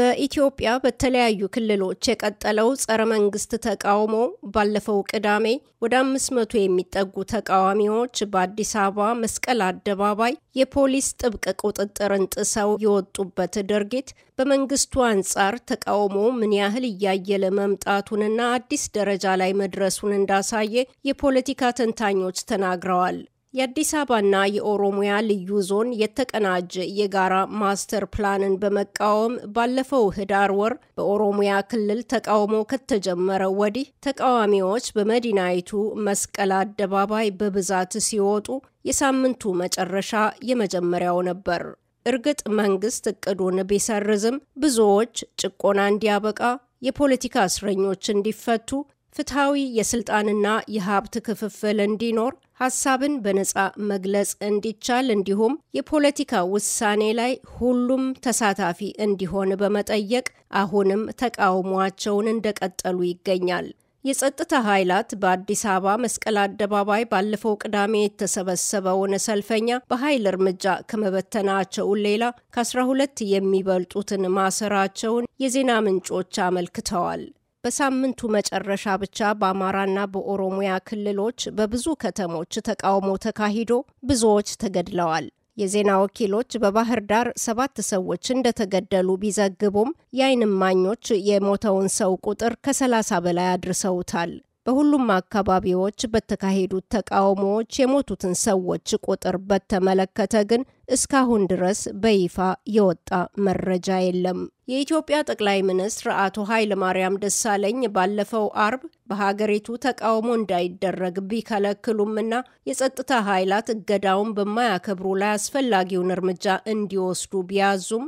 በኢትዮጵያ በተለያዩ ክልሎች የቀጠለው ጸረ መንግስት ተቃውሞ ባለፈው ቅዳሜ ወደ አምስት መቶ የሚጠጉ ተቃዋሚዎች በአዲስ አበባ መስቀል አደባባይ የፖሊስ ጥብቅ ቁጥጥርን ጥሰው የወጡበት ድርጊት በመንግስቱ አንጻር ተቃውሞ ምን ያህል እያየለ መምጣቱንና አዲስ ደረጃ ላይ መድረሱን እንዳሳየ የፖለቲካ ተንታኞች ተናግረዋል። የአዲስ አበባና የኦሮሚያ ልዩ ዞን የተቀናጀ የጋራ ማስተር ፕላንን በመቃወም ባለፈው ህዳር ወር በኦሮሚያ ክልል ተቃውሞ ከተጀመረ ወዲህ ተቃዋሚዎች በመዲናይቱ መስቀል አደባባይ በብዛት ሲወጡ የሳምንቱ መጨረሻ የመጀመሪያው ነበር። እርግጥ መንግስት እቅዱን ቢሰርዝም ብዙዎች ጭቆና እንዲያበቃ የፖለቲካ እስረኞች እንዲፈቱ ፍትሐዊ የስልጣንና የሀብት ክፍፍል እንዲኖር ሀሳብን በነጻ መግለጽ እንዲቻል እንዲሁም የፖለቲካ ውሳኔ ላይ ሁሉም ተሳታፊ እንዲሆን በመጠየቅ አሁንም ተቃውሟቸውን እንደቀጠሉ ይገኛል። የጸጥታ ኃይላት በአዲስ አበባ መስቀል አደባባይ ባለፈው ቅዳሜ የተሰበሰበውን ሰልፈኛ በኃይል እርምጃ ከመበተናቸው ሌላ ከ12 የሚበልጡትን ማሰራቸውን የዜና ምንጮች አመልክተዋል። በሳምንቱ መጨረሻ ብቻ በአማራና በኦሮሚያ ክልሎች በብዙ ከተሞች ተቃውሞ ተካሂዶ ብዙዎች ተገድለዋል። የዜና ወኪሎች በባህር ዳር ሰባት ሰዎች እንደተገደሉ ቢዘግቡም የአይን እማኞች የሞተውን ሰው ቁጥር ከ30 በላይ አድርሰውታል። በሁሉም አካባቢዎች በተካሄዱት ተቃውሞዎች የሞቱትን ሰዎች ቁጥር በተመለከተ ግን እስካሁን ድረስ በይፋ የወጣ መረጃ የለም። የኢትዮጵያ ጠቅላይ ሚኒስትር አቶ ማርያም ደሳለኝ ባለፈው አርብ በሀገሪቱ ተቃውሞ እንዳይደረግ ቢከለክሉምና የጸጥታ ኃይላት እገዳውን በማያከብሩ ላይ አስፈላጊውን እርምጃ እንዲወስዱ ቢያዙም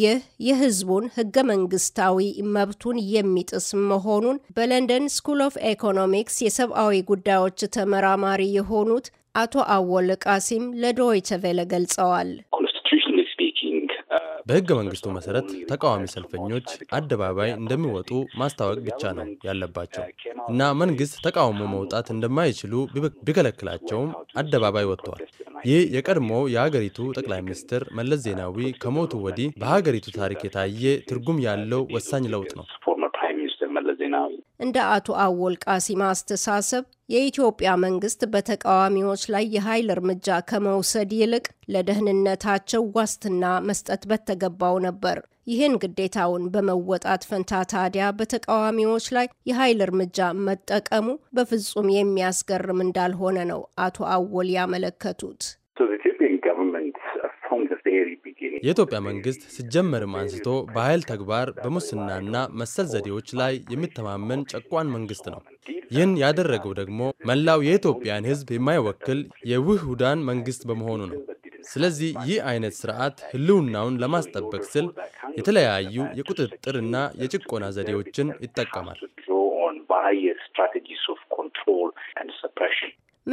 ይህ የህዝቡን ህገ መንግስታዊ መብቱን የሚጥስ መሆኑን በለንደን ስኩል ኦፍ ኢኮኖሚክስ የሰብአዊ ጉዳዮች ተመራማሪ የሆኑት አቶ አወል ቃሲም ለዶይቸ ቬለ ገልጸዋል። uh, በህገ መንግስቱ መሰረት ተቃዋሚ ሰልፈኞች አደባባይ እንደሚወጡ ማስታወቅ ብቻ ነው ያለባቸው እና መንግስት ተቃውሞ መውጣት እንደማይችሉ ቢከለክላቸውም አደባባይ ወጥተዋል። ይህ የቀድሞ የሀገሪቱ ጠቅላይ ሚኒስትር መለስ ዜናዊ ከሞቱ ወዲህ በሀገሪቱ ታሪክ የታየ ትርጉም ያለው ወሳኝ ለውጥ ነው። እንደ አቶ አወል ቃሲማ አስተሳሰብ የኢትዮጵያ መንግስት በተቃዋሚዎች ላይ የኃይል እርምጃ ከመውሰድ ይልቅ ለደህንነታቸው ዋስትና መስጠት በተገባው ነበር። ይህን ግዴታውን በመወጣት ፈንታ ታዲያ በተቃዋሚዎች ላይ የኃይል እርምጃ መጠቀሙ በፍጹም የሚያስገርም እንዳልሆነ ነው አቶ አወል ያመለከቱት። የኢትዮጵያ መንግስት ሲጀመርም አንስቶ በኃይል ተግባር በሙስናና መሰል ዘዴዎች ላይ የሚተማመን ጨቋን መንግስት ነው። ይህን ያደረገው ደግሞ መላው የኢትዮጵያን ሕዝብ የማይወክል የውህዳን መንግስት በመሆኑ ነው። ስለዚህ ይህ አይነት ስርዓት ህልውናውን ለማስጠበቅ ስል የተለያዩ የቁጥጥርና የጭቆና ዘዴዎችን ይጠቀማል።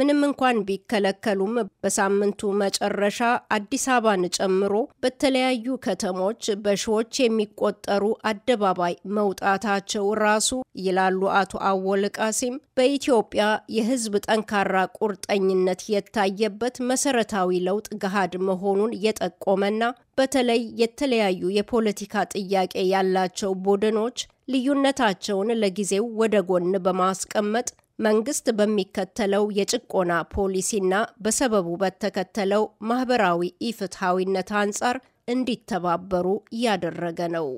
ምንም እንኳን ቢከለከሉም በሳምንቱ መጨረሻ አዲስ አበባን ጨምሮ በተለያዩ ከተሞች በሺዎች የሚቆጠሩ አደባባይ መውጣታቸው ራሱ ይላሉ አቶ አወል ቃሲም በኢትዮጵያ የሕዝብ ጠንካራ ቁርጠኝነት የታየበት መሰረታዊ ለውጥ ገሃድ መሆኑን የጠቆመና በተለይ የተለያዩ የፖለቲካ ጥያቄ ያላቸው ቡድኖች ልዩነታቸውን ለጊዜው ወደ ጎን በማስቀመጥ መንግስት በሚከተለው የጭቆና ፖሊሲና በሰበቡ በተከተለው ማህበራዊ ኢፍትሐዊነት አንጻር እንዲተባበሩ እያደረገ ነው።